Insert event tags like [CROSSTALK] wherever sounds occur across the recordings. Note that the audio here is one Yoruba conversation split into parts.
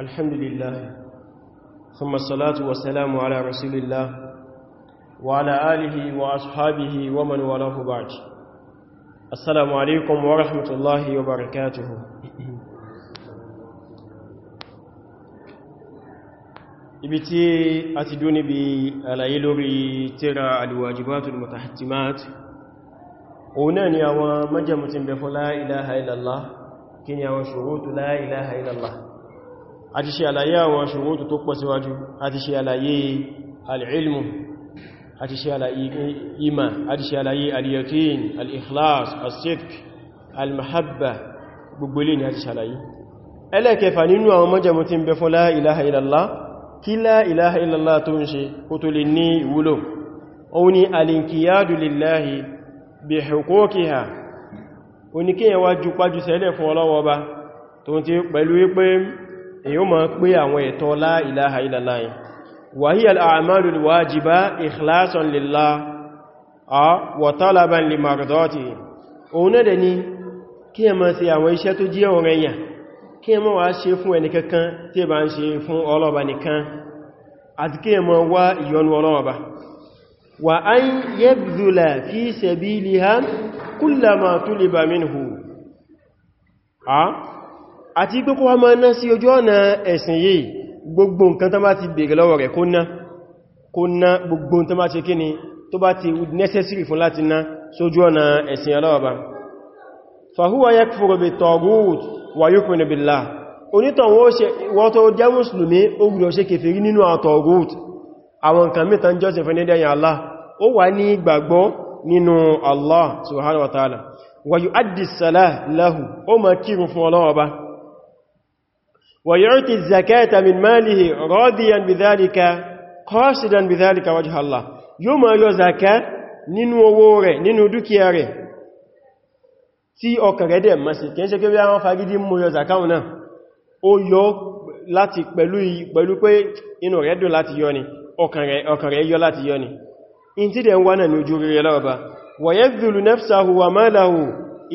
الحمد لله ثم الصلاة والسلام على رسول الله وعلى آله وأصحابه ومن ولاه بعد السلام عليكم ورحمة الله وبركاته ibi tí a ti dúní bí àlàyé lórí tíra alwajibatul mutahatimat òun náà ni àwọn májẹ̀mú tí ń bẹ fún kí ni àwọn ṣòro tó la ilaha a ti ṣe àlàyé àwọn ṣòwòtò tó pọ̀ síwájú a ti ṣe àlàyé al'ilmu a ti ṣe àlàyé ima a ti ṣe àlàyé al-yaqin al-ikhlas as-sidq al-mahabba gbogbo ilé ni a ti ṣe àlàyé ẹlẹ́kẹfà nínú àwọn mọ́jẹ̀mú tí ń bẹ fún la ilaha illallah kí la ilaha illallah tó èyí ó máa pé àwọn ẹ̀tọ́ la ilaha illallah wa hiya al-a'malu al-wajiba ikhlasan lillah wa talaban li mardatihi òun náà dẹ̀ ni kí ẹ máa ṣe àwọn iṣẹ́ tó jẹ́ ọ̀ranyàn kí ẹ máa wá ṣe fún ẹni kankan tí ẹ bá ń ṣe fún ọlọ́ba àti pé kó wá máa ná sí ojú ọ̀nà ẹ̀sìn yìí gbogbo nǹkan tó bá ti bèèrè lọ́wọ́ rẹ̀ kó ná kó ná gbogbo tó bá ṣe kí ni tó bá ti necessary fún láti ná sójú ọ̀nà ẹ̀sìn ọlọ́ọ̀bá fahuwa yakfuru bi taghut wa yu'minu billah ma kírun fún ọlọ́wọ́ ويعطي الزكاة من ماله راضيا بذلك قاصدا بذلك وجه الله يوم يزكى nínú owó rẹ̀ nínú dúkìá rẹ̀ tí ọkàn rẹ̀ dẹ̀ mọ́sí kìí ṣe kébí àwọn fagídí mú yọ zakáun náà ó yọ láti pẹ̀lú pẹ̀lú pé inú rẹ̀ dùn láti yọ ni ọkàn rẹ̀ yọ láti yọ ni in ti dẹ̀ ń wánà ní ojú rẹ̀ lọ́rọ̀bá wayadhulu nafsahu wa malahu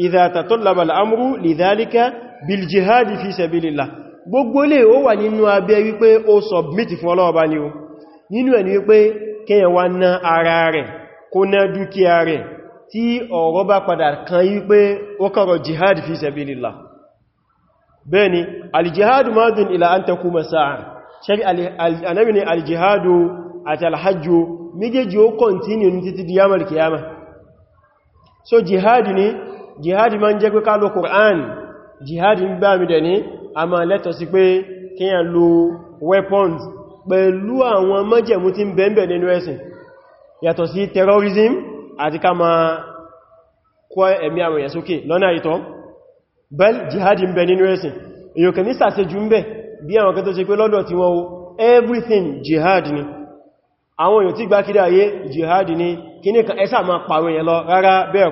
idha tatallaba al-amru lidhalika bil jihadi fi sabilillah gbogbo lè ó wà nínú abẹ́ wípé ó submit fún ọlọ́ọ̀bá ni ó nínú ẹni wípé kéèyàn wá ná ara rẹ̀ kó ná dúkìá rẹ̀ tí ọ̀rọ̀ bá padà kan wípé ó kọ̀rọ̀ jihad fi sabilillah bẹ́ẹ̀ni aljihadu madun ila an takuma sa'a so jihad ni jihad ma ń Qur'an jihad ń gbá mi dẹ̀ ni a máa lẹ́tọ̀ sí pé kí yàn lo weapons pẹ̀lú àwọn májẹ̀mú tí ń bẹ̀m̀bẹ̀ nínú ẹ̀sìn yàtọ̀ sí terrorism àti ká máa kọ́ ẹ̀mí àwọn èèyàn sókè lọ́nà ìtọ́ bẹ́l jihad ń bẹ nínú ẹ̀sìn èyàn kẹ́ ní sàṣẹjú ń bẹ bí àwọn kẹ́ tó pé lọ́dọ̀ tí wọ́n everything jihad ni àwọn èèyàn tí gbákídà ayé jihad ni kí ní kan ẹsà máa pàwọn èèyàn lọ rárá bẹ́ẹ̀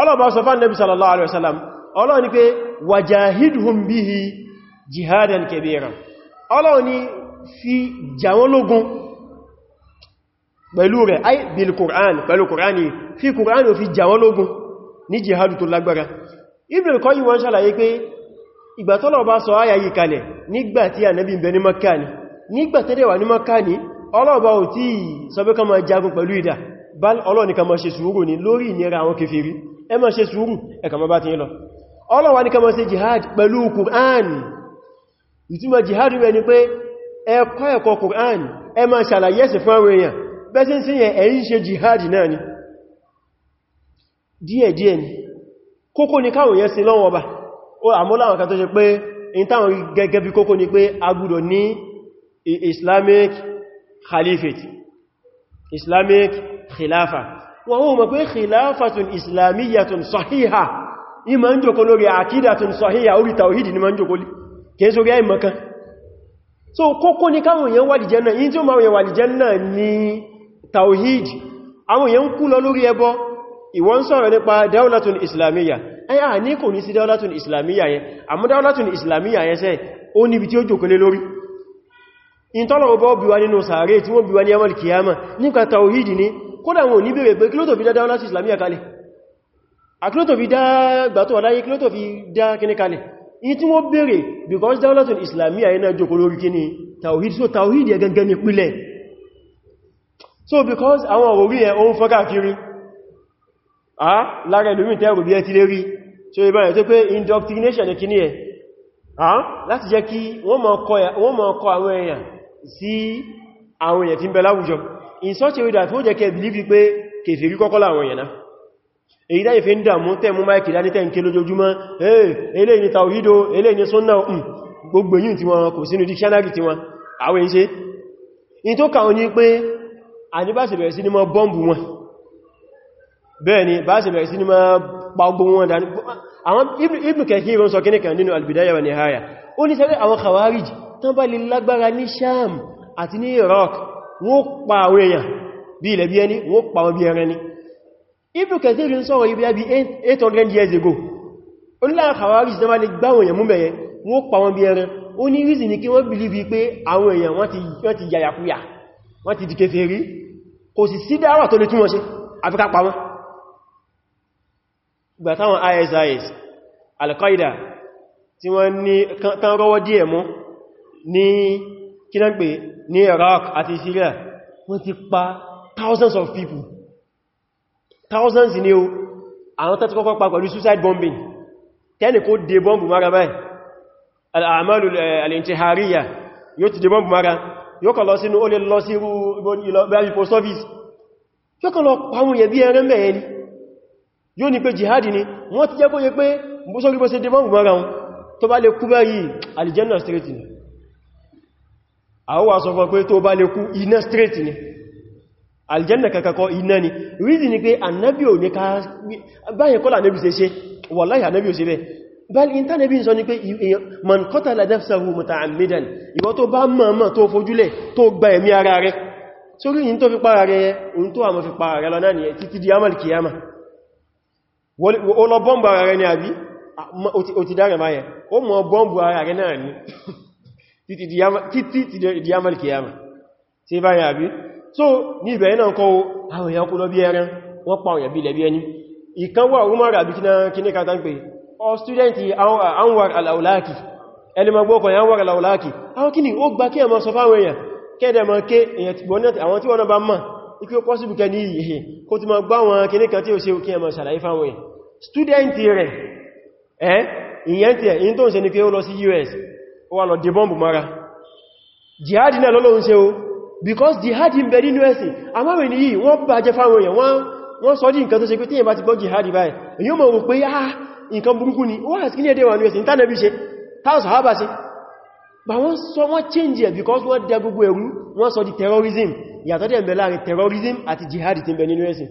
ọlọ́bà sọ fán nẹ́bí sallallahu alaihi wasallam ọlọ́ni pé wàjáhìdùn bihi jihadan kabira ọlọ́ni fi jàwọn lógún pẹ̀lú rẹ̀ ay bil Qur'an pẹ̀lú Qur'ani fi Qur'ani ò fi jàwọn lógún ní jihadu tó lágbára Ibn Qayyim wọ́n ṣàlàyé pé ìgbà tọ́lọ̀ bá sọ áyà yìí kalẹ̀ nígbà tí ànábì ń bẹ ní Makkah ni nígbà tẹ́dẹ̀ wà ní Makkah ni ọlọ́ọ̀bá ò tí sọ pé ká ẹ má ṣe sùúrù ẹ kàn má bá ti yín lọ Ọlọ́run wá ní ká má ṣe jihad pẹ̀lú Qur'an ìtumọ̀ jihad rẹ̀ ni pé ẹ kọ́ ẹ̀kọ́ Qur'an ẹ má ṣàlàyé ẹ̀sìn fún àwọn èèyàn bẹ́sẹ̀ sí yẹn ẹ̀ ṣe jihad náà ni díẹ̀díẹ̀ ni Islamic Caliphate Islamic Khilafa wọ́n wọ́n mọ̀ pé khilafatun islamiyyatun sahiha ní ma ń jòkó lórí àkídàtun sahiha orí tàwídì ní ma ń jòkó lórí kèé sórí àìmọ̀ kan so kókó ní káwọn èèyàn wà lìjẹ́ náà yí tí ó máa wà lìjẹ́ náà ní tàwídì àwọn èèyàn kú lọ lórí ẹbọ ìwọ́n sọ̀rọ̀ nípa daulatun islamiyya ẹ̀yà ní kò ní sí daulatun islamiyya yẹn àmú daulatun islamiyya yẹn sẹ́ ó níbi tí bí wa nínú sàárè tí wọ́n bí wa ní amal kiyama nípa tàwídì ní kódà wọn ò ní bèèrè pé kí ló tó fi dá dáwọ́lásí islamiyya kalẹ̀ àkílótò fi dá gbàtọ̀ aláyé kílótò fi dá kíní kalẹ̀ yí tí wọ́n bèèrè because dáwọ́lásí islamiyya iná jòkó lórí kíní tawhid so tawhid yẹ gangan ní pílẹ̀ so because àwọn òwúrí ẹ oún fọ́n káàkiri a lára ìlúmí so ìbáyẹ̀ tó pé indoctrination ní kíní ẹ láti jẹ́ kí wọ́n mọ̀ kọ àwọn èèyàn sí àwọn èèyàn tí in such a way that ó jẹ́ kẹ́ believe pé kèfèrí kọ́kọ́ láwọn èèyàn náà èyí dáyé fi ń dàmú tẹ́mú máìkì dání tẹ́ ń ké lójoojúmọ́ eléyìí ni tàwídò eléyìí ni súnnà hmm, gbogbo yìí tí wọn kò sínú dictionary tí wọn àwọn èyí ṣe in tó kàwọn ní pé àníbáṣẹ̀ ni báṣẹ̀ wa nihaya ó ní sẹ́rẹ́ àwọn khawarij tán bá lè lágbára ní àti ní iraq wọ́n pa àwọn èèyàn bí ilẹ̀ bí ẹni wọ́n pa wọn bí ẹran ni Ibn Kathir ń sọ̀rọ̀ ibi ẹbí 800 years ago onílára Khawarij ìsìnàmà lè gbá àwọn èèyàn mú mẹ́yẹ wọ́n pa wọn bí ẹran ó ní rízì ní kí wọ́n bìlìbì pé àwọn èèyàn wọ́n ti yàyàkúyà wọ́n ti di kèfèrí kò sì sí dáwà tó lè tún wọn ṣe àfikà pa wọn gbà táwọn ISIS Al-Qaeda tí wọ́n ní tán rọwọ́ díẹ̀ mú ní kí náà pè ní Iraq àti Syria wọ́n ti pa thousands of people thousands ni o àwọn tàbí kọ́kọ́ pa pẹ̀lú suicide bombing tẹ́ni kó dé bọ́m̀bù mara báyìí al'amalu al'intihariya yóò ti dé bọ́m̀bù mara yóò kọ̀ lọ sínú ó lè lọ sí ìlọ́bẹ̀rẹ̀ post office yóò kọ̀ lọ pàwọn yẹ̀bí ẹran mẹ́rin yóò ní pé jihadi ni wọ́n ti jẹ́ kó yẹ pé mọ́sọ́gbọ́ sí dé bọ́m̀bù mara wọn tó bá lè kú báyìí aljanna straight àwọ́wà sọ fún pé tó bá lè kú iná straight ni aljanna kakakọ iná ni reason ni pé annabi ò ní ká báyẹ̀ kọ́lá annabi ṣe ṣe wallahi annabi ò ṣe bẹ́ báyẹ̀ ìntá annabi sọ ni pé man qatala nafsahu muta'ammidan ìwọ tó bá mọ̀mọ̀ tó fojúlẹ̀ tó gba ẹ̀mí ara rẹ̀ sórí yìí tó fi para rẹ̀ ohun tó àmọ́ fi para rẹ̀ lọ ni títí di amal kiyama ó lọ bọ́m̀bù ara rẹ̀ ni àbí ó ti dára máyẹ̀ ó mọ̀ bọ́m̀bù ara rẹ̀ náà ni títí di amal kìyàmà tí bá yà bí so ní ibẹ̀ iná kọ́ àwọn èèyàn kú lọ bí ẹran wọ́n pa òyàbí lẹ́bí ẹni ìkanwà umar àbí kíní kàtà ń pè ọ stúdẹ̀ntì anwar alaulaki ẹlẹ́mọ̀gbọ́kọ̀ anwar alaulaki àwọn kíní ó gbá kí ẹmọ sọ fáwọn èèyàn kẹ́ẹ̀dẹ̀ mọ̀ ké èèyàn ti gbọ́nà àwọn tí wọ́n bá mọ̀ ikú pọ́síbù kẹ́ ní ìyẹ̀ kó ti mọ̀ gbá wọn kíní kan tí ó ṣe kí ẹmọ ṣàlàyé fáwọn èèyàn stúdẹ̀ntì rẹ̀ ẹ́ ìyẹn tí ẹ̀ in tó ń ṣe ní pé ó lọ sí US ó wá lọ dé bọ́m̀bù mara jihadi náà lọ́lọ́run ṣe o because jihadi ń bẹ nínú ẹ̀sìn amáwẹ̀ ni yìí wọ́n bá jẹ fáwọn èèyàn wọ́n sọ dí nǹkan tó ṣe pé tíyẹ̀ bá ti gbọ́ jihadi báyìí èyí ó mọ̀ rò pé ah nǹkan burúkú ni wọ́n àti kílẹ̀ dẹ̀wà ní ẹ̀sìn tánàbí because wọ́n dẹ gbogbo ẹ̀rú wọ́n terrorism yàtọ̀ dẹ̀ bẹ̀ terrorism àti jihadi ti ń bẹ nínú ẹ̀sìn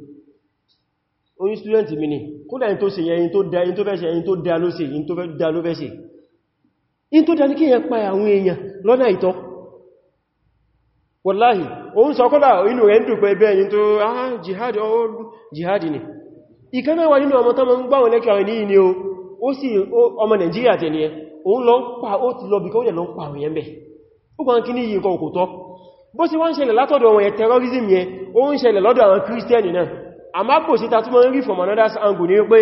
orí student mi ni kódà yìí tó ṣe yẹn tó dá yìí tó fẹ́ ṣe yìí tó dá ló ṣe yìí tó fẹ́ dá ló fẹ́ ṣe yìí tó dá ní kí yẹn pa àwọn èèyàn lọ́nà ìtọ́ wàláhì òun sọ kódà inú rẹ̀ ń dùn pé bẹ́ẹ̀ yìí tó ah jihad oh jihad ni ìkaná wà nínú ọmọ tọ́mọ ń gbáwọn lẹ́kọ̀ọ́ ní o ó sì ọmọ Nàìjíríà tẹ̀lé ẹ òun lọ pa ó ti lọ bí kọ́ ìdẹ̀ lọ pa àwọn yẹn bẹ̀ ó gbọ́n kí ní yìí kọ́ òkòtọ́ bó sì wá ń àmápò síta tó mọ́ rí from another angle ní wípé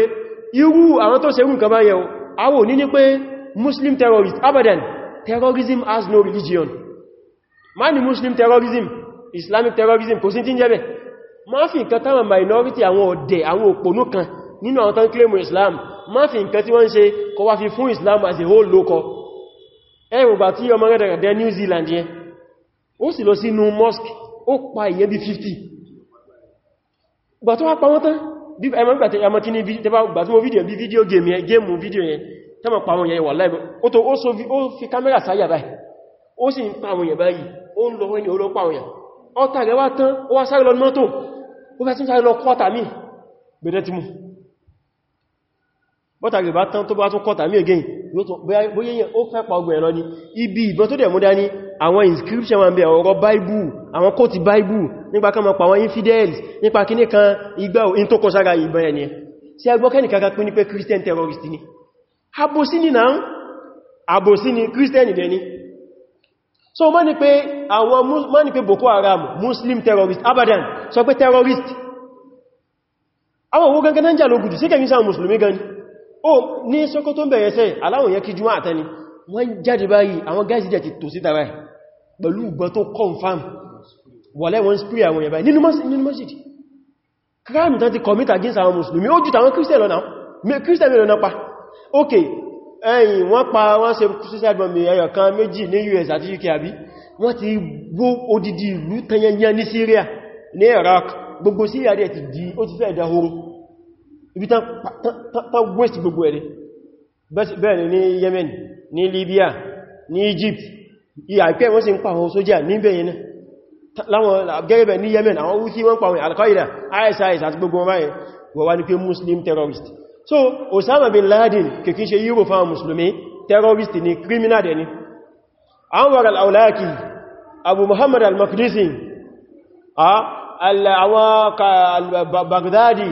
irú àwọn tó ṣerú nǹkan báyẹ̀ awò ní ní pé muslim terrorist abadan terrorism has no religion ma ni muslim terrorism islamic terrorism kò sí tí ń jẹ́bẹ̀ ma fi nǹkan táwọn minority àwọn ọ̀dẹ̀ àwọn òpònú kan nínú àwọn tán claim islam ma fi nǹkan tí wọ́n ń ṣe kọ wá fi fún islam as a whole lókọ ẹ̀rùgbà tí ọmọ rẹ̀ dẹ̀ new zealand yẹn ó sì lọ sínú mosque ó pa ìyẹn bí 50 gbà tó wá pa wọ́n tán bí ẹmọ gbà tí ẹmọ tí ní gbà tí mo fídíò bí fídíò gẹ́mù fídíò yẹn tẹ́mọ̀ pa wọ́n yẹn wà láìbọ̀ ó tó ó so fi kámẹ́rà sáyà báyìí ó sì ń pa wọ́n yẹn báyìí ó ń lọ wọ́n ni ó lọ pa wọ́n yẹn ọta rẹ̀ wá tán ó wá sáré lọ mọ́tò ó fẹ́ sí sáré lọ kọ́ta mí gbẹ̀dẹ̀ ti mú bọ́ta rẹ̀ bá tán bóyẹ́yẹ ó fẹ́ pa ọgbẹ̀ lọ ní ibi ìbọn tó dẹ̀ mú dání àwọn inscription wọn bẹ̀ ọ̀rọ̀ bible àwọn kó ti bible nípa kan mọ̀pá àwọn infidels nípa kíní kan igbá in tó kọ sára ìbọn ẹni sí agbọ́kẹ́ni kankan pín ní pé christian terrorist ni àbòsí ni náà àbòsí ni christian dẹ̀ ni so mọ́ ni pé àwọn mọ́ ni pé boko haram muslim terrorist abadan sọ pé terrorist àwọn owó gangan náà jà lógùdù sí kẹ́yìn sáà musulmi gan ni o ní Sókótó bẹ̀rẹ̀ sẹ́ aláwọn yẹn kí jùmọ́ àtẹni wọ́n jáde báyìí àwọn gáìsì jẹ́ ti tò síta báyìí pẹ̀lú ìgbọ́n tó confam wọ̀lẹ́ wọn spray àwọn yẹn báyìí nínú masjid crime tán ti commit against àwọn mùsùlùmí ó jù tàwọn christian lọ́nà pa ok ẹ̀yìn wọ́n pa wọ́n ṣe suicide bomb ẹyọ kan méjì ní US àti UK àbí wọ́n ti gbó odidi Syria ní Iraq gbogbo Syria di ó ti fẹ́ ẹ̀dà ibi tán west gbogbo ẹ̀rẹ́ bẹ́ẹ̀ ni ní Yemen ní Libya ní Egypt ìyàpẹ́ wọ́n sì ń pa àwọn sójà níbẹ̀ yẹn láwọn gẹ́gẹ́bẹ̀ ní Yemen àwọn wúthí wọ́n pa àwọn Al-Qaeda ISIS àti gbogbo wọ́n wà ní pé Muslim terrorist so Osama bin Laden kìkí ṣe yíò fáwọn Mùsùlùmí terrorist ni criminal dẹni Anwar al aulaki Abu Muhammad al-Maqdisi ah, àwọn Baghdadi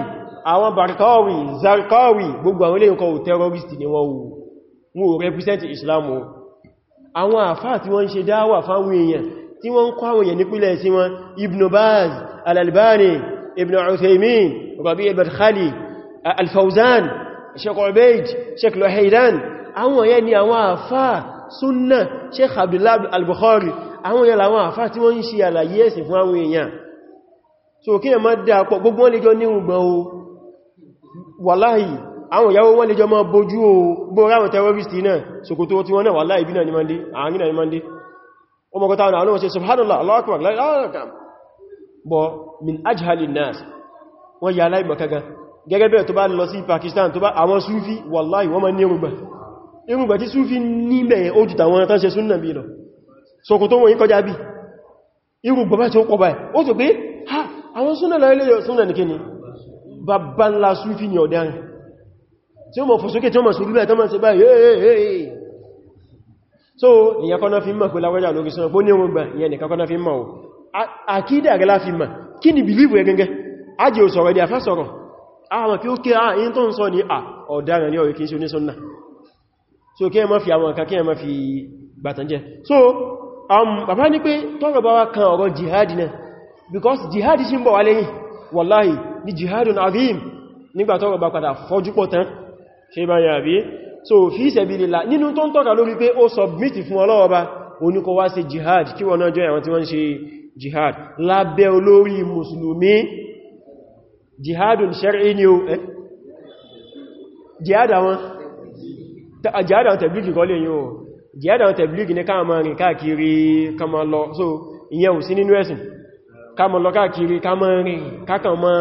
àwọn barkawi zarkawi gbogbo àwọn ilé ìkọwò terrorist ni wọ́n wò represent islam àwọn àfáà tí wọ́n ń ṣe dáwà fáwọn èèyàn tí wọ́n ń kọ́ àwọn èèyàn nípìlẹ̀ sí wọn ibn baz al-albani ibn uthaymin rabi al-badkhali al-fawzan sheikh ubayd sheikh luhaydan àwọn yẹn ni àwọn sunna sheikh al-bukhari àwọn yẹn làwọn àfáà tí wọ́n ń ṣe àlàyé ẹ̀sìn fún so kí ẹ má dáa pọ̀ gbogbo wọn lè jọ níhùn wàláhì àwọn ìyàwó wọ́n lè jọ mọ́ bójú o bóra àwọn terrorist náà ṣòkòtò tí wọ́n náà wàláhì bí náà ní mọ́ndé àárín náà ní mọ́ndé o mọ́kọta àwọn àwọn ṣe subhanallah Allahu akbar bọ̀ min ajhalin nas wọ́n yà láì mọ̀kagan gẹ́gẹ́ bẹ́ẹ̀ Pakistan tó Sufi bàbá ńlá súfì ní tí ó mọ̀ fò tí ó mọ̀ sórí bẹ́ẹ̀ tó mọ̀ sí báyìí so ìyẹn kọ́nà fi mọ̀ pé láwẹ́jà lórí sọ́nà pó ní ohun gbà ìyẹn nìkan kọ́nà fi mọ̀ o àkídà gẹ́lá fi mọ̀ kí ni bìlífù rẹ̀ so kí ẹ má fi àwọn so um, bàbá ní pé tọ́rọ̀ bá wá kan ọ̀rọ̀ jihad because jihad sí ń bọ̀ wá wallahi ní jihadun azim nígbàtọ́rọ̀ bá padà fọ́júpọ̀ tán ṣe bá yà bí so fi sabilillah nínú tó ń tọ́ka lórí pé ó submit fún ọlọ́ọba oníkọ wá jihad kí wọ́n náà jọ àwọn tí wọ́n ṣe jihad lábẹ́ olórí mùsùlùmí jihadun shar'i ni o eh jihad àwọn tẹ̀blígì kọ́ lè yíò jihad so ìyẹn ò sí nínú kámọ̀ lọ káàkiri kámọ̀ rìn kákan mọ́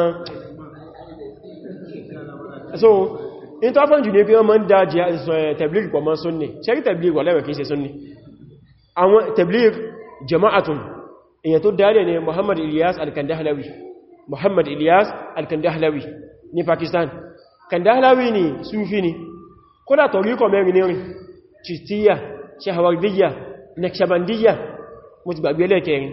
so in tó fọ́n jù ní pé wọ́n mọ́ ń dá eh, tẹ̀blík pọ̀ mọ́ súnni ṣẹ́rí tẹ̀blík wà lẹ́wẹ̀ kìí ṣe súnni àwọn tẹ̀blík jama'atun èyàn tó dáadẹ̀ ni Muhammad Ilyas al-Kandahlawi Muhammad Ilyas al-Kandahlawi ní Pakistan Kandahlawi ni Sufi ni kódà tọ̀ríkọ̀ mẹ́rin ní rìn Chistiya Shahawardiyya Naqshbandiyya mo ti gbàgbé lẹ́kẹrin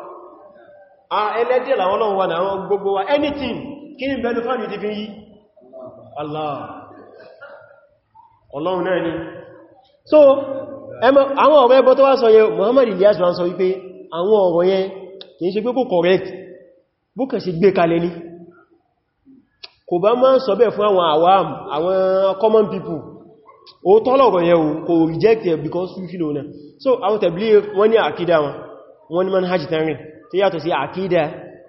ẹlẹ́dẹ̀ làwọn náà wà náà gbogbo wa anything kí ní bẹnu fánì ti fi yí Allah ọlọ́run náà ni so àwọn ọ̀rọ̀ ẹbọ tó wá sọ yẹ Muhammad Ilyas wá sọ wípé àwọn ọ̀rọ̀ yẹn kì í ṣe pé kò correct bókà sí gbé kalẹ̀ ní kò bá máa sọ bẹ́ẹ̀ fún àwọn àwam àwọn common people ó tọ́lọ̀rọ̀ yẹn kò reject it because you feel so àwọn tẹ̀blé wọ́n ní àkídà wọn wọ́n man manhaj tẹ́rin tó yàtọ̀ sí àkídà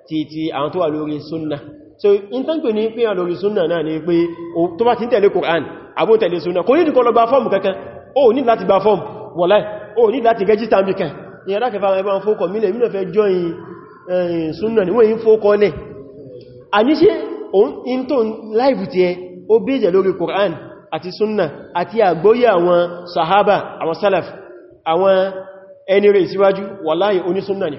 ti ti àwọn tó wà lórí súnnà so in tán pè ní pé àwọn lórí súnnà náà ni pé tó bá ti ń tẹ̀lé Qur'an àbó tẹ̀lé súnnà kò ní ìdíkọ́ lọ gba fọ́ọ̀mù kankan o ní láti gba fọ́ọ̀mù wọ̀lẹ́ o ní láti rẹ́jísítà ni ẹ̀dá kẹfà ẹgbẹ́ ni wọ́n yí fókọ́ lẹ̀ in tó láìbù tí ẹ ó bèèjẹ̀ Qur'an àti súnnà àti àgbóyé àwọn sahaba àwọn salaf àwọn ẹni rẹ̀ síwájú wàláyé onísúnnà ni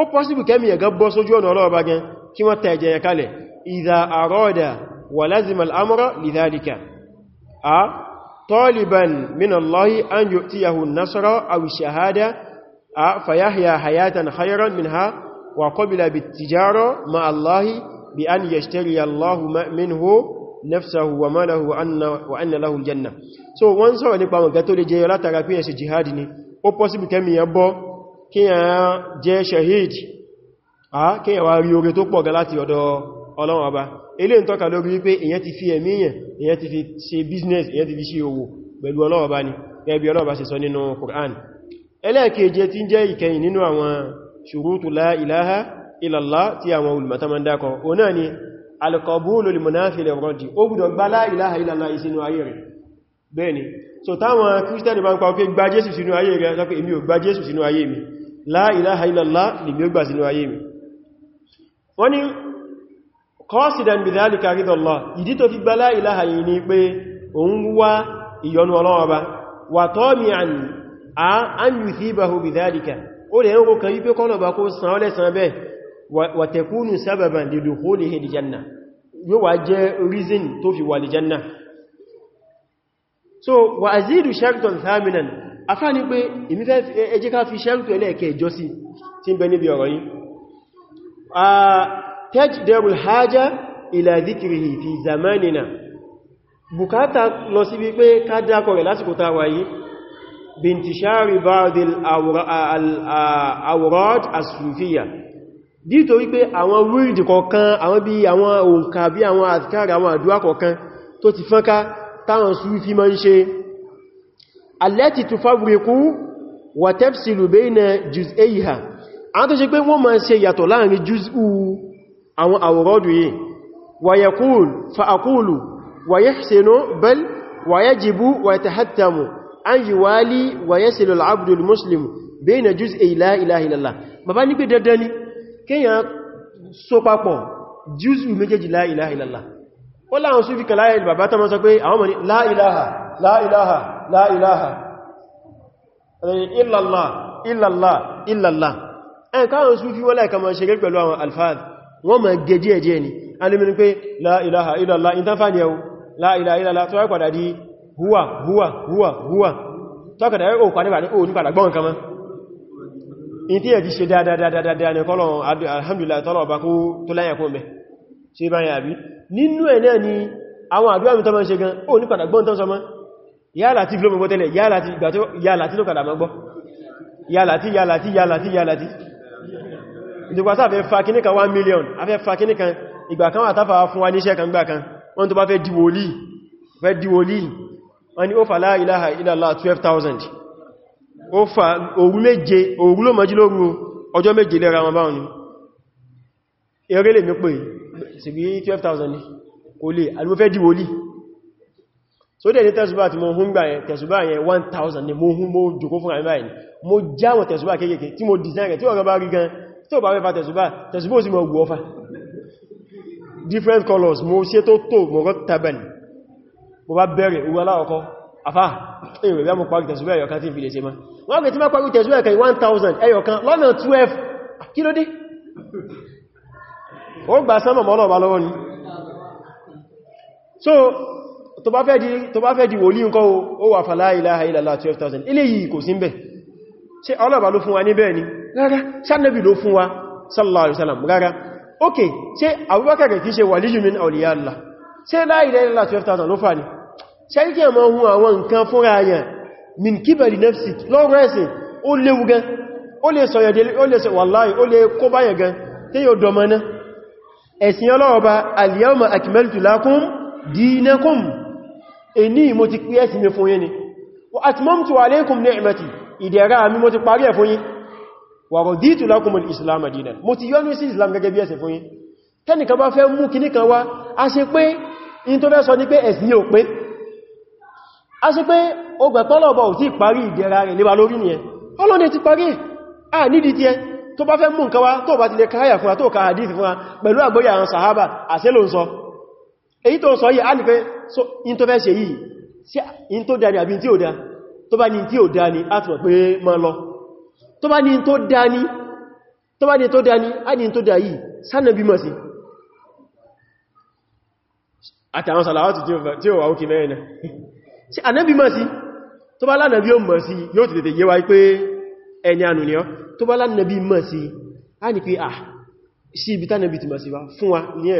ó pọ́sílù kẹ́mì ẹ̀gá bọ́ sójú ọ̀nà ọlọ́ọ̀bá gan kí wọ́n ta ẹ̀jẹ̀ kalẹ̀ ìdá àrọ́dà wà lázim al'amura lidhalika a taliban min allahi an yu'tiyahu nasara aw shahada a fayahya hayatan khayran minha wa qabila bit nafsahu wa malahu wa anna lahu aljanna so wọ́n sọ̀rọ̀ nípa wọn ga tó lè jẹ́ látara pín ẹ̀ṣẹ̀ jihadi ni ó pọ́sílù kẹ́mì ẹ̀bọ́ kí yàn jẹ́ shahid kí yàn wá rí oore tó pọ̀ ga láti ọ̀dọ̀ ọlọ́run ọba ilé ìtọ́ka lórí wípé èyàn ti fi ẹ̀mí yàn èyàn ti fi ṣe business èyàn ti fi ṣe òwò pẹ̀lú ọlọ́run ọba ni gẹ́bí Qur'an ẹlẹ́ẹ̀keje tí ń jẹ́ ìkẹyìn nínú àwọn ilaha illallah tí àwọn olùmọ̀tá máa ń dákọ̀ o náà ni alkọ̀búlò lèmọ̀náfilẹ̀ rọ́dì ilaha illallah ìsinú ayé rẹ̀ bẹ́ẹ̀ni so táwọn kírísítẹ́nì bá ń pa ọkẹ́ gbá jésù sínú ayé rẹ̀ lọ́pẹ́ èmi ò gbá jésù sínú ayé mi la ilaha illallah ni bí ó gbà sínú ayé mi wọ́n ni qasidan bidhalika ridallah ìdí tó fi gba la ilaha yìí ni pé òun wá ìyọnu Ọlọ́run Ọba wa tami'an an yuthibahu bidhalika ó lè ẹ̀rọ kan wípé kọ́nà bá kó san ọ́lẹ̀ san bẹ́ wa takunu sababan li dukhulihi afá ní pé ìmífẹ́ ẹjẹ́ ká fi ṣẹ́rùtù ẹlẹ́ẹ̀kẹ́ ìjọsí tí ń bẹ níbi ọ̀rọ̀ yìí a tajdarul haja ila dhikrihi fi zamanina Bukata lọ sí bí pé ká dákọ̀ rẹ̀ lásìkò tá wà yìí bintishari ba'dil awrad as-sufiyya dítorí pé àwọn wíìdì kọ̀ọ̀kan àwọn bí àwọn òǹkà bí àwọn àdìkára àwọn àdúwà kọ̀ọ̀kan tó ti fọ́nká táwọn allati tufawriqu wa tafsilu bayna juz'ayha an tó ṣe pé wọ́n máa ṣe yàtọ̀ láàrin juz'u àwọn awradu yìí wa yaqul fa aqulu wa yahsinu bal wa yajibu wa yatahattamu an yuwali wa yasilu al-abdu al-muslim bayna juz'ay la ilaha illallah baba ni pé dandan ni kéèyàn so papọ̀ juz'u méjèèjì la ilaha la ilaha illallah illallah illallah ẹn káwọn súnfí wọ́n láìka ma ṣeré pẹ̀lú àwọn alfáàdì wọ́n ma gẹ eje ni alimin pe la ilaha illallah in tán o la ilaha illallah tó wáyé di huwa huwa huwa huwa tọ́kàdà yẹ́ o ba ni o ní kama in ya yẹ ti da dáadáadáadáa ní kọ́lọ̀ alhamdulillah tọ́lọ̀ ọba kó ni mi gan o ma. yálà tí flómi gbọ́ tẹ́lẹ̀ yálà tí gbà tó yálà tí lókàdà mọ́ gbọ́ yálà tí yálà tí yálà tí yálà tí ìdíkwàtà fẹ́ fa kíní kan 1 million a fẹ́ fa kíní kan ìgbà kan wà tàfà fún wa níṣẹ́ kan gbà kan wọ́n tó bá fẹ́ diwòlí fẹ́ diwòlí wọ́n ni ó fà la ilaha illallah 12,000 ó fà òru méje òru ló mọ́jú lóru ọjọ́ méje lẹ́ra wọn báwọn ni eré lè mí pè sí bí 12,000 kò lè alúfẹ́ diwòlí so dẹ̀ ní tẹ́sùbá tí mo hún gbà yẹn tẹ́sùbá yẹn 1000 ni mo hún mo jòkó fún àmì báyìí mo jáwọ̀ tẹ́sùbá kéèkéé tí mo design rẹ̀ tí ọ̀gá bá rí gan tí ó bá wẹ́fà tẹ́sùbá tẹ́sùbá sí mo gbò ọfà different colors mo ṣe tó tó mo rọ́ tabẹ̀lì mo bá bẹ̀rẹ̀ owó aláwọ̀kọ́ afá ẹ̀rẹ̀ bí a mo parí tẹ́sùbá ẹ̀yọ̀kan tí ìfìlẹ̀ ṣe ma wọ́n kẹ́ tí má parí tẹ́sùbá ẹ̀kan 1000 ẹ̀yọ̀kan lọ́nà 12 kí ló dé ó gbà sánmà mọ́ ọlọ́ọ̀bá lọ́wọ́ ni so tó bá fẹ́ di tó bá fẹ́ di wòlí nǹkan ó wà fàlá ilaha illallah 12,000 ilé yìí kò sí ń bẹ̀ ṣe ọlọ́bà ló fún wa níbẹ̀ ni rárá ṣánàbì ló fún wa sallallahu alaihi wasallam rárá ok ṣe Abubakar kìí ṣe waliyu min awliya Allah ṣe la ilaha illallah 12,000 ló fà ní ṣe kí ẹmọ ohun àwọn nǹkan fúnra yẹn min kíbẹ̀lì nafsi lọ́rọ̀ ẹ̀sìn ó léwu gan ó lè èní mo ti pí ẹ̀sìn mi fún yín ni wa atmamtu alaykum ni'mati ìdẹ̀ra mi mo ti parí ẹ̀ fún yín wa raditu lakumul islam dinan mo ti yọ́nú sí islam gẹ́gẹ́ bí ẹ̀sìn fún yín tẹ́nìkan bá fẹ́ mú kinní kan wá a ṣe pé in tó fẹ́ sọ ní pé ẹ̀sìn yóò pé a ṣe pé ó gbà tọ́lọ̀ bọ̀ tí parí ìdẹ̀ra rẹ̀ èyí tó sọ yìí a nífẹ́ so in tó fẹ́ ṣe yìí sí in tó dá ní àbí tí ó dá tó bá ní tí ó dá ní a ti mọ̀ pé ma lọ tó bá ní tó dá ní tó bá ní tó dá ní a ní tó dá yìí sánà bí mọ̀ sí àtàwọn sàlàwátù tí ó wà òkè mẹ́rin náà sí ànábì mọ̀ sí wa pé ẹni ànù ni ọ tó bá lánàbí mọ̀ sí a ní pé à ah, sí ibi tánàbí ti mọ̀ sí wa fún wa ní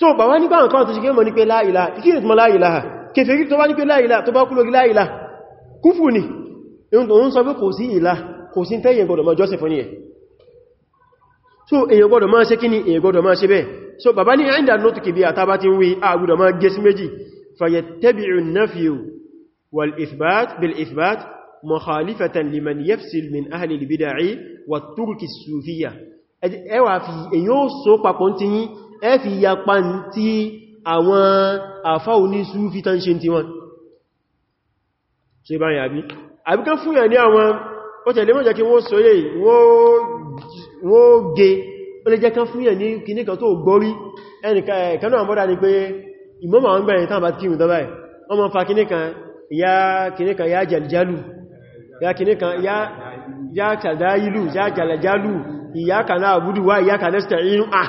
so bàbá nígbà nǹkan tó ṣe gẹ́mọ̀ ní pé láìlá kí ní túnmọ̀ láìlá kèfèrí tó bá ní pé láìlá tó bá kú lórí láìlá kúfù ní ohun tó ń sọ pé kò sí ìlà kò sí tẹ́yìn gbọdọ̀ máa jọ́sẹ̀ fún ní ẹ̀ so èyàn gbọdọ̀ máa ṣe kíní èyàn gbọdọ̀ máa ṣe bẹ́ẹ̀ so bàbá ní ẹ̀ndà nótù kìbí àtàbá ti ń wí àgbùdọ̀ máa gẹ́ sí méjì fayattabi'u an-nafyu wal-ithbat bil-ithbat mukhalifatan liman yafsil min ahli al-bid'ah wa turk as-sufiyyah ẹwà fi èyàn ó so papọ̀ tí yín ẹ fi yapa tí àwọn àfáà ní súfí tán ṣe tí wọ́n ṣe bá yàbí àbíkán fún yà ní àwọn ó tẹ̀lé mọ́ jẹ́ kí wọ́n sọ yẹ́ wọ́n gẹ ó lè jẹ́ kán fún yà ní kìníkan tó gbọ́rí ẹnìkanú àmọ́dá ni pé ìmọ́mà wọn gbẹ̀rẹ̀ tán bá kí ìrùn tọ́bá ẹ̀ wọ́n mọ́ fa kìníkan ya kìníkan ya jàljálù ya kìníkan ya kàdáyìlù ya jàljálù ìyáka náà àbúdùwá ìyáka nẹ́sìtẹ̀ inú ah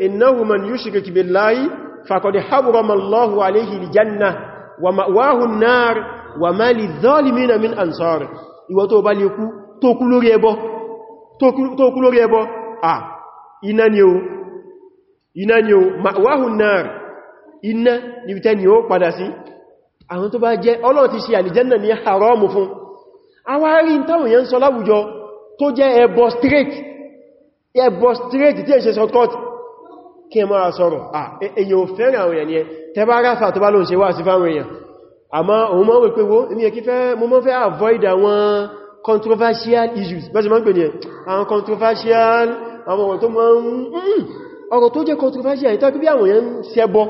innahu man yushrik billahi faqad harrama Allahu alayhi al-janna wa ma'wahu an-nar wa ma lidh-dhalimina min ansar ìwọ tó bá lè kú tó kú lórí ẹbọ tó kú lórí ẹbọ ah iná ni o iná ni o ma'wahu an-nar iná ni bi tani ó padà sí àwọn tó bá jẹ́ Ọlọ́run ti ṣe al-janna haram fún awari ntawon yẹn sọ láwùjọ tó jẹ́ ẹbọ straight ẹbọ straight tí ẹ ṣe shortcut kí ẹ máa sọ̀rọ̀ e, èyàn ò fẹ́rẹ̀ àwọn èèyàn ni ẹ tẹbá ráfà tó bá lóun ṣe wá sí fáwọn èèyàn àmọ́ òun mọ́ wípé wo ní ẹkí fẹ́ mọ́ mọ́ fẹ́ avoid àwọn controversial issues bẹ́jẹ̀ mọ́ pè ní ẹ àwọn controversial àwọn ọ̀rọ̀ tó mọ́ ọ̀rọ̀ tó jẹ́ controversial ìtọ́kí bí àwọn èèyàn ṣẹbọ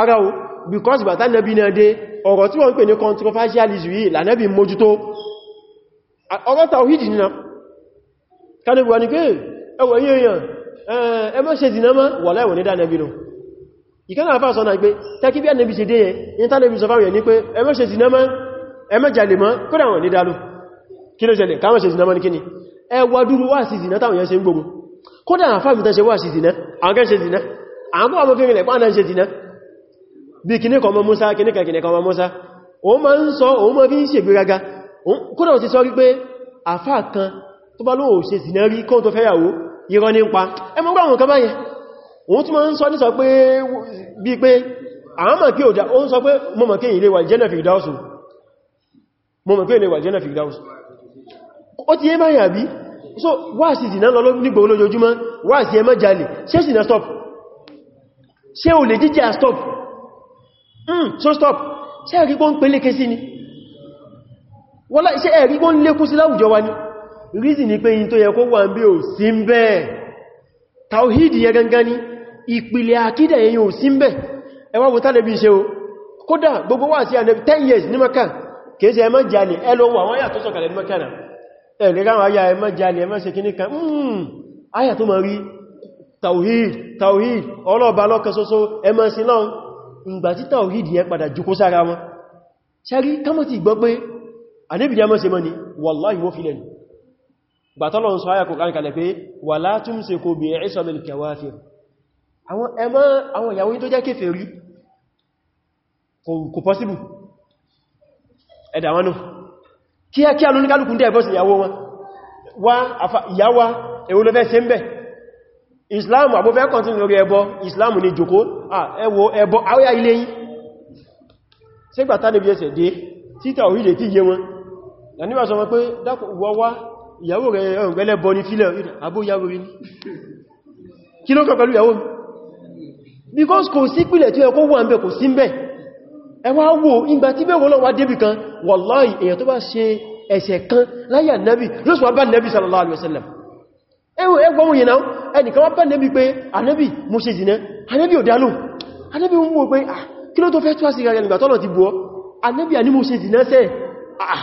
ara o because bàtà nẹ́bí ní adé ọ̀rọ̀ tí wọ́n pè ní controversial issue yìí lànẹ́bí mójútó ọ̀rọ̀ tàwídì nínú kanẹ́bí wà ní pé ẹwọ̀ yíyàn Eh, ẹ má ṣe zìnà mọ́ wà láìwò ní dánẹ́bí nù ìkẹ́nà àfáà sọ náà pé tẹ́kí bí ànẹ́bí ṣe dé yẹ ní tánẹ́bí sọ fáwọn ní pé ẹ má ṣe zìnà mọ́ ẹ má jalè mọ́ kó dáwọn ní dálù kí ló ṣẹlẹ̀ ká má ṣe zìnà mọ́ ní kíni ẹ wá dúró wá sí zìnà táwọn yẹn ṣe ń gbogbo tó Musa kíní kan kíní Musa òun ma ń sọ òun ma fi ń ṣègbéraga kódà ó ti sọ wípé bá lóò ṣe zìnà tó fẹ́yàwó irọ́ ní pa ẹmọ́ gbà wọn kan báyẹ òun tí ma ń sọ ní sọ pé bí pé àwọn mọ̀ kí òjá ó ń sọ pé mọ̀mọ̀ kí ilé wà wà jẹ́nà fi dáúsù ó ti yé báyà bí so wà sí ìdìnà lọ nígbà olójoojúmọ́ wà sí ẹmọ́ jalè stop ṣe ò lè stop mm so stop ṣe ẹ̀rí pọ́n pelékesí ni wọ́lá ṣe ẹ̀rí pọ́n lékún sí láwùjọ reason ni pé yí tó yẹ kó wà ń bí ò sí ń bẹ́ tàwíìdì yẹ gangan ní ìpìlẹ̀ àkídà yẹ yóò sí ń ẹwà o kódà gbogbo wà sí ànẹ́bí 10 years maka kèèsì ẹmọ́ jàní ẹlọ́wọ́ àwọn àyà atọ sọ̀kalẹ̀ ní maka náà ẹ̀lẹ́gbẹ̀ àwọn àyà ẹmọ́ jàní ẹmọ́ ṣe kíní kan hmm, àyà tó ma rí tàwíìd tàwíìd ọlọ́ọ̀bá lọ́kan ṣoṣo ẹmọ́ sí náà gbàtọ́lọ̀n sọ ayàkùn kàríkàlẹ̀ pé wà látún se kò bí ẹ̀ṣọ́ bí kẹwàáfẹ́ àwọn ẹmọ́ àwọn ìyàwó tó jẹ́ kéfèé rí kò pọ́síbù ẹ̀dà wọn náà kí á kí á lóní kálùkùn dẹ̀ bọ́sì ìyàwó wọn wá islam àbúfẹ́ kọntínú lórí ẹbọ islam ní jòkó ẹwọ ẹbọ àwẹ́ ilé yìí sígbàtà níbi ẹsẹ̀ dé títà orílẹ̀ tí yé wọn ìyàníwà sọ wọn pé ìyàwó rẹ̀ ọ̀gbẹ́lẹ̀ bọ́ ní fílẹ̀ àbó ìyàwó rí ní kí ló kàn pẹ̀lú ìyàwó because kò sí pìlẹ̀ tí ẹkọ́ wà ń bẹ kò sí ń bẹ ẹ wá wò ìgbà tí bẹ̀rọ lọ wá débì kan wallahi èyàn ah, kí ló tó fẹ́ tó àṣírí rẹ̀ tọ́lọ̀ ti bú ọ àní mo ṣe jìnà sẹ́ ah, ah.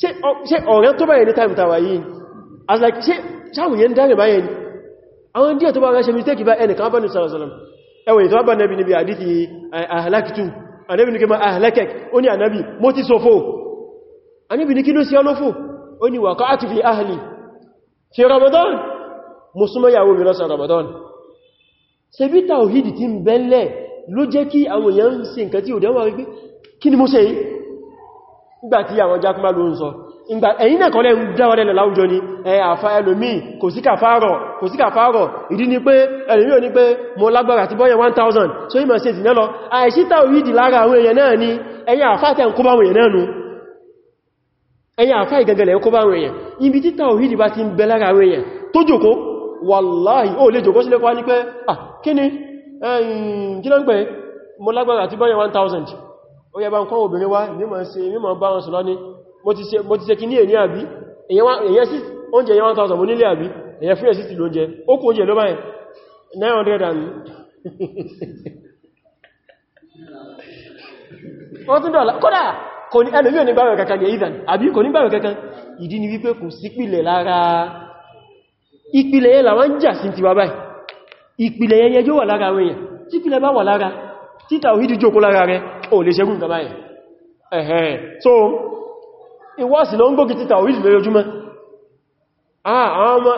ṣe ọ̀rẹ́ tó báyẹ̀ ní time tàwà yìí as like ṣe ṣáwọn yẹn dáre báyẹ̀ ni àwọn díẹ̀ tó bá rẹ̀ ṣe mistake bá ẹnì kan bá ní sàrọ̀sọ̀lọ̀m ẹwẹ̀ ìtọ́ bá nẹ́bí níbi àdíkì ahlakitu anẹ́bí ní kí ma ahlakek ó ní ànẹ́bí mo ti sọfó anẹ́bí ní kí ló sí ọlọ́fò ó ní wà káàtù ahli fi ramadan mo súnmọ́ yàwó mi ramadan ṣe bí tàwídì ti ń bẹ́lẹ̀ ló jẹ́ kí àwọn èèyàn kí ni mo ṣe yìí nígbàtí àwọn jákúmá ló ń sọ ìgbà ẹ̀yìn náà kọ́lẹ̀ ń dáwọlẹ̀ láwùjọ ni ẹ̀yàfà ẹlòmí kò sí kàfàárọ̀ kò sí kàfàárọ̀ ìdí ni pé ẹlòmí ò ní pé mo lágbára ti bọ́yẹ̀ 1000 so ìmọ̀ sí ìdínẹ́lọ àìsíta orídì lára àwọn èèyàn náà ni ẹ̀yàfà tẹ́ ń kó báwọn èèyàn náà nù ẹ̀yàfà ìgẹ̀gẹ̀lẹ̀ ń kó báwọn èèyàn ibi títa orídì bá ti ń bẹ lára àwọn èèyàn tó jòkó ní pé ah kí ni kí ló ń pẹ́ mo lágbára ti bọ́yẹ̀ 1000 ó yẹ bá ń kọ́ obìnrin wá mímọ̀ bá wọn sọ̀lọ́ ní mo ti ṣe kí ní èní àbí èyẹ sí oúnjẹ yẹ 1000 mo nílé àbí èyẹ fíyẹ̀ sí ti ló jẹ ó kú oúnjẹ ló báyìí 900 and [LAUGHS] wọ́n tún dọ̀lá kódà kò ní ẹlòmí òní gbáwẹ̀ kankan yẹ ìdàn àbí kò ní gbáwẹ̀ kankan ìdí ni wípé kò sí pìlẹ̀ lára ìpìlẹ̀ yẹ làwọn jà sí ti wà báyìí tí tàwídì jókó lára rẹ̀ o lè ṣegún nǹkan báyìí ẹ̀hẹ́ so ìwọ́sì lọ ń gbógi tí tàwídì lórí ojúmọ́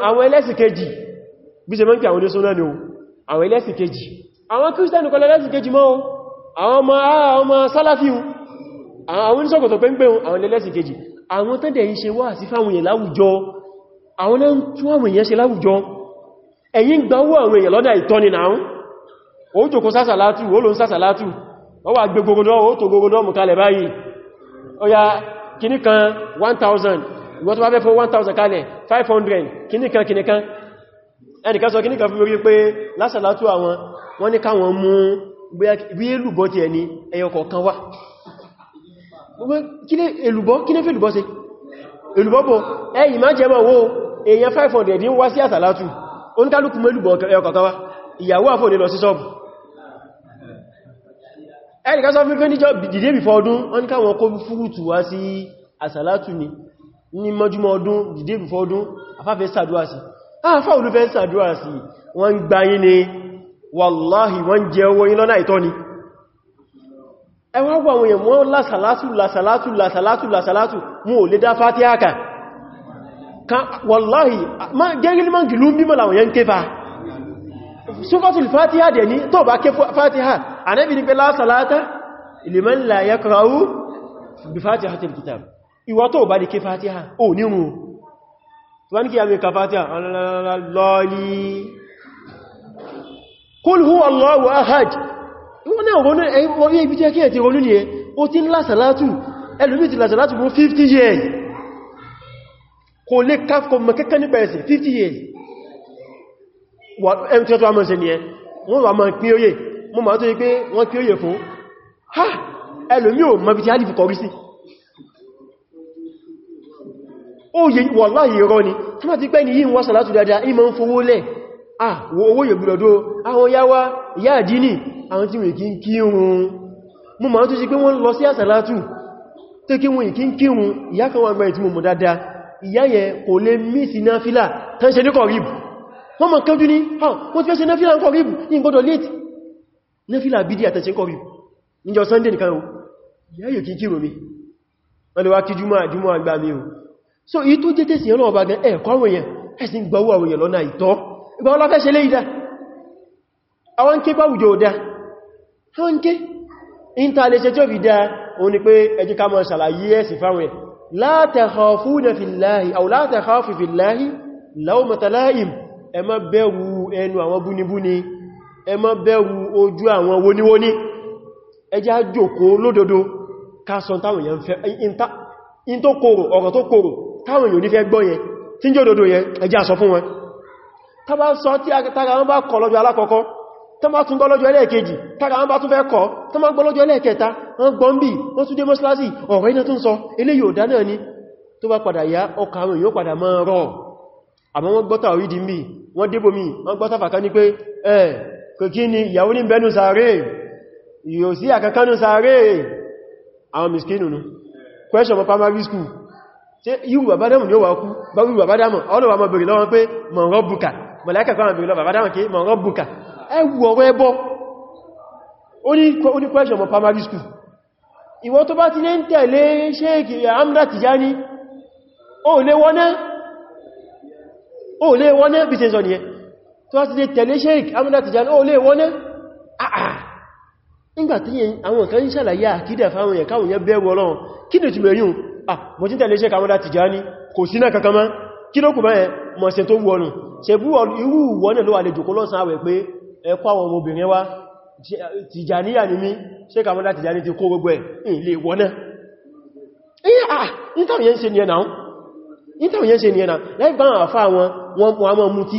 àwọn ẹlẹ́sì kejì bí se mọ́ ń pẹ àwọn ni o àwọn ẹlẹ́sì kejì àwọn kírísítẹ́nì kọlẹ̀ ẹlẹ́sì kejì mọ́ àwọn ọmọ sálàfíù àwọn oníṣọ́kọ̀tọ̀ pẹ́ńpẹ́ àwọn ẹlẹ́sì kejì àwọn tẹ́dẹ̀ ń ṣe wá sí gbáwó àwọn èèyàn lọ́dà ìtọ́ni náà ó jòkó sásàlátù ó lò ń sásàlátù wọ́n wà gbé gbogbo náà ó tó gbogbo náà mú kalẹ̀ báyìí ó yá kìní kan 1000 ìwọ́n tó bá fẹ́ fún 1000 kalẹ̀ 500 kìní kan kìní kan ẹnìkan sọ kìní kan fún orí pé lásàlátù àwọn wọ́n ní káwọn mú bí èlùbọ́ ti ẹni ẹyọ kọ̀ọ̀kan wá èèyàn 500 ní wá sí àsàlátù oníkálùkù mẹ́lùbọ̀ ẹyọ kọ̀ọ̀kan ìyàwó àfò ní lọ sí sọ́ọ̀bù ẹni ká sọ fífẹ́ níjọ́ dìde bìfọ́ ọdún wọ́n ní káwọn kó fúrútù wá sí àsàlátù ni ní mọ́júmọ́ ọdún dìde bìfọ́ ọdún afáfẹ́ sàdúwà sí afá ah, olúfẹ́ sàdúwà sí wọ́n gbáyé ni wàláhì wọ́n jẹ owó yín lọ́nà ìtọ́ ni ẹwà gbàwọn èèyàn wọ́n lásàlátù lásàlátù lásàlátù lásàlátù mú ò lè dá fátíhà kà wàláhì gẹ́gẹ́lì mọ́ gìlú mímọ̀ làwọn yẹn ń kéfà sókọ́tù fátíhà dẹ̀ ní tó bá ké fátíhà Ànábì ní pé la salata liman la yaqra'u bi fatihatil kitab ìwọ tó bá di ké fatiha ó nírun tó bá ní kí a mẹ́ka fatiha lọ́lí kul huwa Allahu ahad ìwọ náà ronú ẹ̀yí ibi tí ẹ kí ẹ̀ ti ronú ní 50 years kò lè káfkọ mọ̀kẹ́kẹ́ nípa 50 years wọ́n ẹ̀mí tí ó tó wà mọ́ mo ma tó yí pé wọ́n kí ó yẹ fún ha ẹlòmí ò mọ́bí tí a dìfù kọrí sí ó yẹ wàláhì irọ́ ni tó má ti pẹ́ ní yí wọ́n sàlátù dáadáa ìmọ̀ ń fowó lẹ̀ ah owó yẹ gbùdọ̀dọ̀ àwọn yáwá yá àdínì àwọn tí wọ́n kìí kírun mo ma tó sí pé wọ́n lọ sí àsàlátù tó kí wọ́n kìí kírun ìyá kan wà gbẹ̀rẹ̀ tí mo mọ̀ dáadáa ìyá yẹn kò lè mí sí náfílà tán ṣe ní kọ̀ríbù wọ́n mọ̀ kẹ́jú ní wọ́n ti fẹ́ ṣe náfílà ń kọ̀ríbù ní gbọ́dọ̀ léètì nẹ́fílà bídí àtẹ́sí kọ́ níjọ sunday nìkan o yáyò kí kírò mi wọ́n lè wá kí jùmọ́ àjúmọ́ àgbà mi o so èyí tó jẹ́ tẹ́sì ọlọ́wọ́ bá gan ẹ̀kọ́ àwọn èèyàn ẹ̀sìn gbọ́wọ́ àwọn èèyàn lọ́nà ìtọ́ ìgbà ọlá fẹ́ ṣe lé ìdá àwọn ké pàwùjọ òdá àwọn ké ìntà lè ṣe tí ó fi dá òun ni pé ẹ jẹ́ ká mọ́ ṣàlàyé ẹ̀sìn fáwọn ẹ̀ la bẹ̀rù ẹnu àwọn búnibúni ẹ má bẹ̀rù ojú àwọn woníwoní ẹjá jòkó lódodo kásọ táwọn èèyàn fẹ́ in tó kòrò ọ̀rọ̀ tó kòrò táwọn èèyàn nífẹ́ gbọ́ yẹn tí ń jẹ́ òdodo yẹn ẹjá sọ fún wọn tá bá sọ tí tara wọn bá kọ̀ lọ́jọ́ alákọ̀ọ́kọ́ tó bá tún gbọ́lọ́jọ́ ẹlẹ́ẹ̀kejì tara wọn bá tún fẹ́ kọ̀ tó bá gbọ́lọ́jọ́ ẹlẹ́ẹ̀kẹta wọn gbọ́n bí wọ́n tún dé mọ́sílásì ọ̀rọ̀ iná tún sọ débò mí wọ́n gbọ́ta fàká ní pé ẹ̀ẹ́ pé kí ni ìyàwó ní bẹnu sàárè yóò sí àkankanú sàárè àwọn miskinu nù question of primary school tí yíò bàbá dámù ní ó wà kú báwí bàbá dámù ọlọ́wà mọ̀ bèèrè lọ́wọ́ pé mọ̀ rọ́bùkà mọ̀láíkà kan bèèrè lọ́wọ́ bàbá dámù kí mọ̀ rọ́bùkà ẹwù ọ̀rọ̀ ẹbọ ó ní question of primary school lé ń tẹ̀lé ṣéèkì àmdà ṣe sọ nìyẹn tó wá ti lè tẹ̀lé sheik amina Tijani ó lè wọ́n náà ah, àà ah. nígbàtí àwọn kan ṣàlàyé àkídà fáwọn èèyàn káwọn yẹn bẹ̀rù kí ni túnmẹ̀ yíò à mọ̀ tí tẹ̀lé ka amina Tijani kò sí náà kankan mọ́ kí ló kù báyẹn wa Tijani gbogbo na. láìpá eh, ah, àwọn wọn wọn mú tí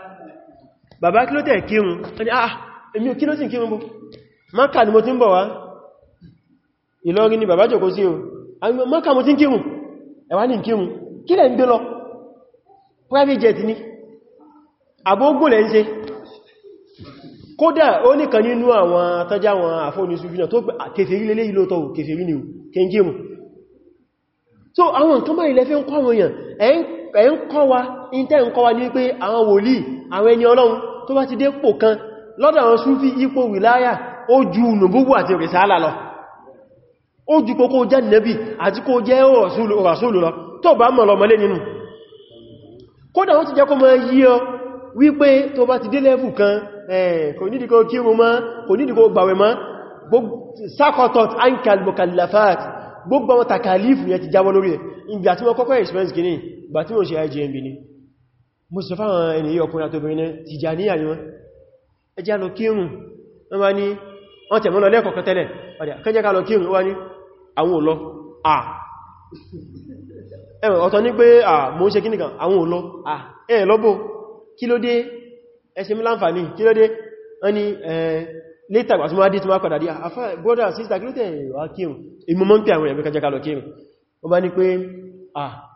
bàbá kí ló tẹ̀ kírun ẹni ah èmi ò kí ló sì kírun bó maka ni mo ti ń bọ̀ wá Ìlọrin ni bàbá jòkó sí o maka mo ti ń kírun ẹwà ní kírun kí lẹ́ ń gbé lọ private jet ni àbógún lẹ́ ń ṣe kódà ó nìkan nínú àwọn atọ́já ah, so àwọn nǹkan bá ilẹ̀ fi ń kọ́ àwọn èèyàn ẹ̀ ń kọ́ wa ní tẹ́ àwọn ẹni Ọlọ́run tó bá ti dé pò kan lọ́dọ̀ àwọn súnfí ipò wìláyà ó ju nùbúgbù àti rìsáàlà lọ ó ju kókó jẹ́ nẹ́bì àti kó jẹ́ rọ̀súlù lọ tó bá mọ̀ lọmọlé nínú kódà wọ́n ti jẹ́ kó mọ́ yí ọ wípé tó bá ti dé lẹ́fù kan eh, kò nídìí kó takalifu yẹn ti jáwọ́ lórí ẹ̀ ìgbà tí wọ́n kọ́kọ́ expense mùsùlùmí àwọn ẹni ọkùnrin àtòbìnrin Tìjàníyà ni wọ́n ẹjá lọ kírùn wọ́n wá ní wọ́n tẹ̀mọ́ lọ lẹ́ẹ̀kọ̀ọ̀kan tẹ́lẹ̀ ọ̀dẹ̀ kẹjẹ́ ká kírùn wọ́n ní àwọn òlọ ni later gbà tí wọ́n á dé tí wọ́n padà dé àfá brother sister kí ló tẹ̀ wá kírùn ìmọ̀mọ́ ń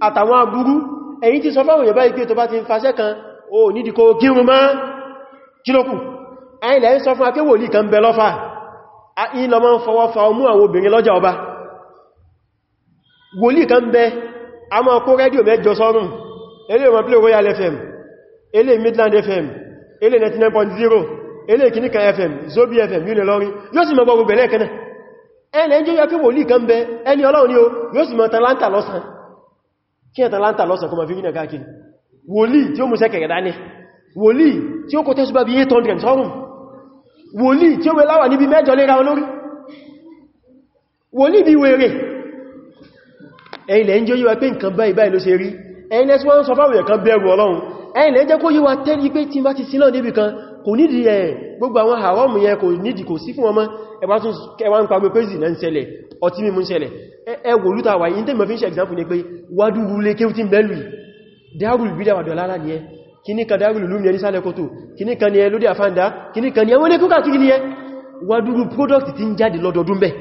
àtàwọn aburú ẹ̀yìn ti sọ fáwọn yẹ̀bá ìgbé tó bá ti ń fasẹ́ kan o nídi kó gírun mọ́ kílókù ẹ̀yìn lẹ́yìn sọ fún akéwòlì kan bẹ lọ́fà in lọ máa ń fọwọ́ fa ọmú àwọn obìnrin lọ́jà ọba wòlì kan bẹ fm elé midland fm elé 99.0 elé fm zobi fm unilorin yóò sì mọ́ gbogbo bẹ̀rẹ̀ kẹ́nà ẹ̀lẹ́ ń jẹ́ yọ kí wòlì kan bẹ ẹni ọlọ́run ni ó yóò sì mọ́ talanta lọ́sàn kí atalanta lọ́sàn kọmọ fífínà káàkiri wòlíì tí ó mú sẹ́kẹ̀rẹ̀ dání wòlíì tí ó kò tẹ́sù bá bí 800 sọ́rùn wòlíì tí ó wé láwà níbi mẹ́jọ lera olórí wòlíì bí wèrè ẹ̀yìnlẹ̀ ń jẹ́ yíwa pé nǹkan báyìí báyìí ló ṣe rí ẹ̀yìnlẹ̀ tí wọ́n sọ fáwọn ẹ̀kan bẹ̀rù gbogbo àwọn haramu yẹn kò nídìí kò sí fún ọmọ ẹbá tún ẹwà ń pàgbé pèsì náà ń ṣẹlẹ̀ ọtí mímú ń ṣẹlẹ̀ ẹwò lúta wà yí mọ̀ fi ń example ní pé wádú rúlé kí tí bẹ́lù dárùl bí dáwà dọ̀lára ni ẹ kíní kan dárùl lúmi ẹni sálẹ̀ kòtò kíní kan ni ẹ lóde àfáǹdá kíní kan ni ẹ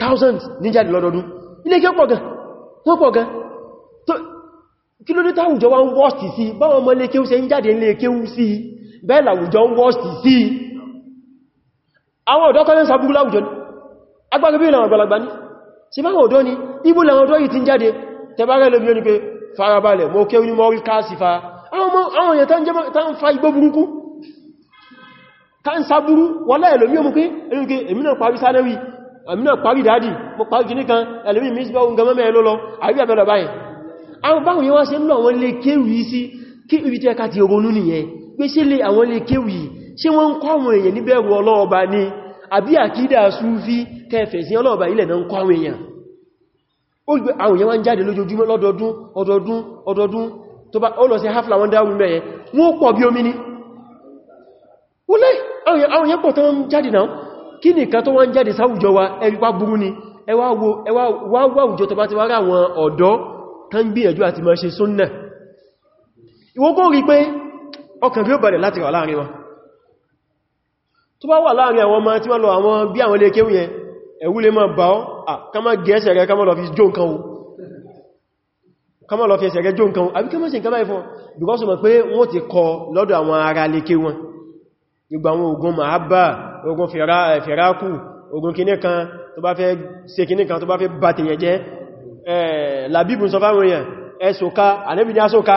thousands ní jáde lọ́dọọdún ilé kí ó pọ̀ gan wọ́n pọ̀ gan kí ló dé táwùjọ wa ń wọ́ọ̀sì sí báwọn ọmọ bẹ́ẹ̀ làwùjọ ń wọ́stì sí àwọn ọ̀dọ́ kọ́lẹ̀ sàbúrú láwùjọ ní agbágbé ìlànà àgbàlagbà ní sí máa ọ̀dọ́ ni ibú làwọn ọ̀dọ́ yìí ti ń jáde tẹbárẹ́ lóbi ní pé farabalẹ̀ mọ́ kéwú ní mọ́rí káàsìfà àwọn èèyàn tán ń fa igbó burúkú tán sàbúrú wọ́n láẹ̀ lómi ọmọ pé èmi náà parí sánẹ́wì èmi náà parí dáàdì mo parí kìní kan ẹlòmí mi síbá oúnjẹ mẹ́mẹ́ lọ́lọ́ àríwá bẹ́lọ̀ báyìí àwọn báwọn yíwá ṣe ń lọ wọn lè kéwìí sí kí ibi tí ẹka ti ogun nú nìyẹn pé ṣe lè àwọn lè kéwì ṣe wọ́n ń kọ́ àwọn èèyàn níbẹ̀rù ọlọ́ọba ni àbí àkídà súfí kẹfẹ̀ sí ọlọ́ọba ilẹ̀ náà ń kọ́ àwọn èèyàn àwọn èèyàn wá ń jáde lójoojúmọ́ lọ́dọọdún ọdọọdún ọdọọdún tó bá ó lọ sí hafla wọn dáwù mẹ́yẹ wọ́n pọ̀ bí omi ni wúlé àwọn èèyàn pọ̀ tó wọ́n jáde náà kí nìkan tó wọ́n jáde sáwùjọ wa ẹ̀rípa burú ni ẹwà wáwùjọ tó bá ti wárá ìwọ́n kó rí pé ọkàn rí ó bẹ̀rẹ̀ láti wà láàrin wọn tó bá wà láàrin àwọn ọmọ tí wọ́n lọ àwọn bí àwọn ilé kéwù yẹn ẹ̀wú lè máa bá ọ́ kama gẹ̀ẹ́sẹ̀ rẹ kama lọ fi jó nǹkan wọn àbí kama sí nǹkan báyìí fún because mọ̀ pé wọ́n ti kọ lọ́dọ̀ àwọn ará ilé kéwù wọn gbogbo àwọn ogun mahabba ogun fẹ̀rákù ogun kìnnìkan tó bá fẹ́ ṣe kìnnìkan tó bá fẹ́ bàtìyàn jẹ́ làbíbùn sọ fáwọn èèyàn ẹ̀sọ́ká ànẹ́bìnrin asọ́ká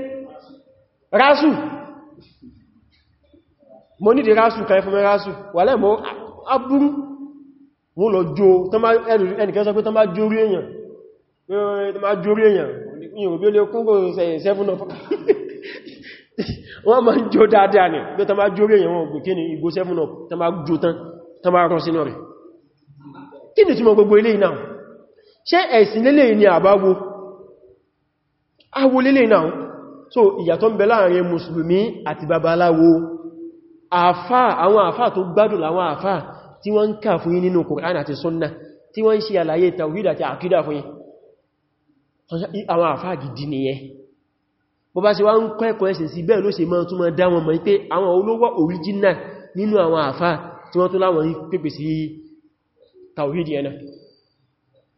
rásù mo nídi rásù kan fún rásù wà lẹ́mọ́ abúrú mú lọ jó ẹnìkan sọ pé tán bá jórí èyàn tán bá jórí èyàn ìyàn òbí olè kúrò sẹ́fún náà [LAUGHS] wọ́n ma ń jó dáadáa ní pé tán bá jórí èyàn wọn gbùkí ní ìgbó sẹ́fún náà tán bá jó tán tán bá rán sínú rẹ̀ kí ni túnmọ̀ gbogbo ilé náà ṣé ẹ̀sìn lélẹ̀ ni àbáwo awolélé náà so ìyàtọ̀ ń bẹ láàrin mùsùlùmí àti babaláwo àfà àwọn àfà tó gbádùn láwọn àfà tí wọ́n ń kà fún yín nínú Kùránì àti súnnà tí wọ́n ń ṣe àlàyé tàwhídà àti àkídà fún yín àwọn àfà gidi nìyẹn bó bá ṣe wá ń kọ́ ẹ̀kọ́ ẹ̀sìn sí bẹ́ẹ̀ ló ṣe máa tún máa dá wọn mọ̀ pé àwọn olówó original nínú àwọn àfà tí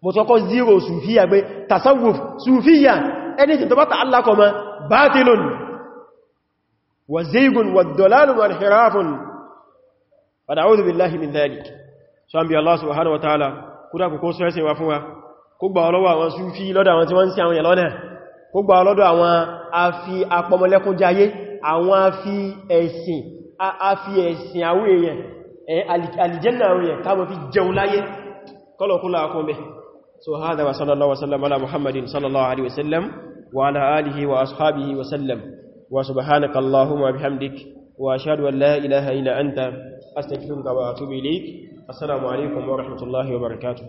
mo tọ́kọ́ zero sùfíyà pé tasawuf sùfíyà anything tó bá ta alákọ̀ọ́mọ́ باطل وزيغ والضلال وانحراف فنعوذ بالله من ذلك سبحان الله سبحانه وتعالى kuda ko so وافوا wa fún wa kó gbà olowo àwọn sufi lọ́dọ̀ àwọn tí wọ́n si àwọn yẹn lọ́nà kó gbà olodo àwọn afi apomolekun jayé àwọn afi ẹ̀sìn afi ẹ̀sìn àwọn èyàn eh aljanna àwọn èyàn ká mọ̀ fi jẹun láyé kolo kula ko be so hada wa sallallahu wa sallam ala muhammadin sallallahu alaihi wasallam وعلى آله وأصحابه وسلم وسبحانك اللهم وبحمدك وأشهد أن لا إله إلا أنت أستغفرك وأتوب إليك السلام عليكم ورحمة الله وبركاته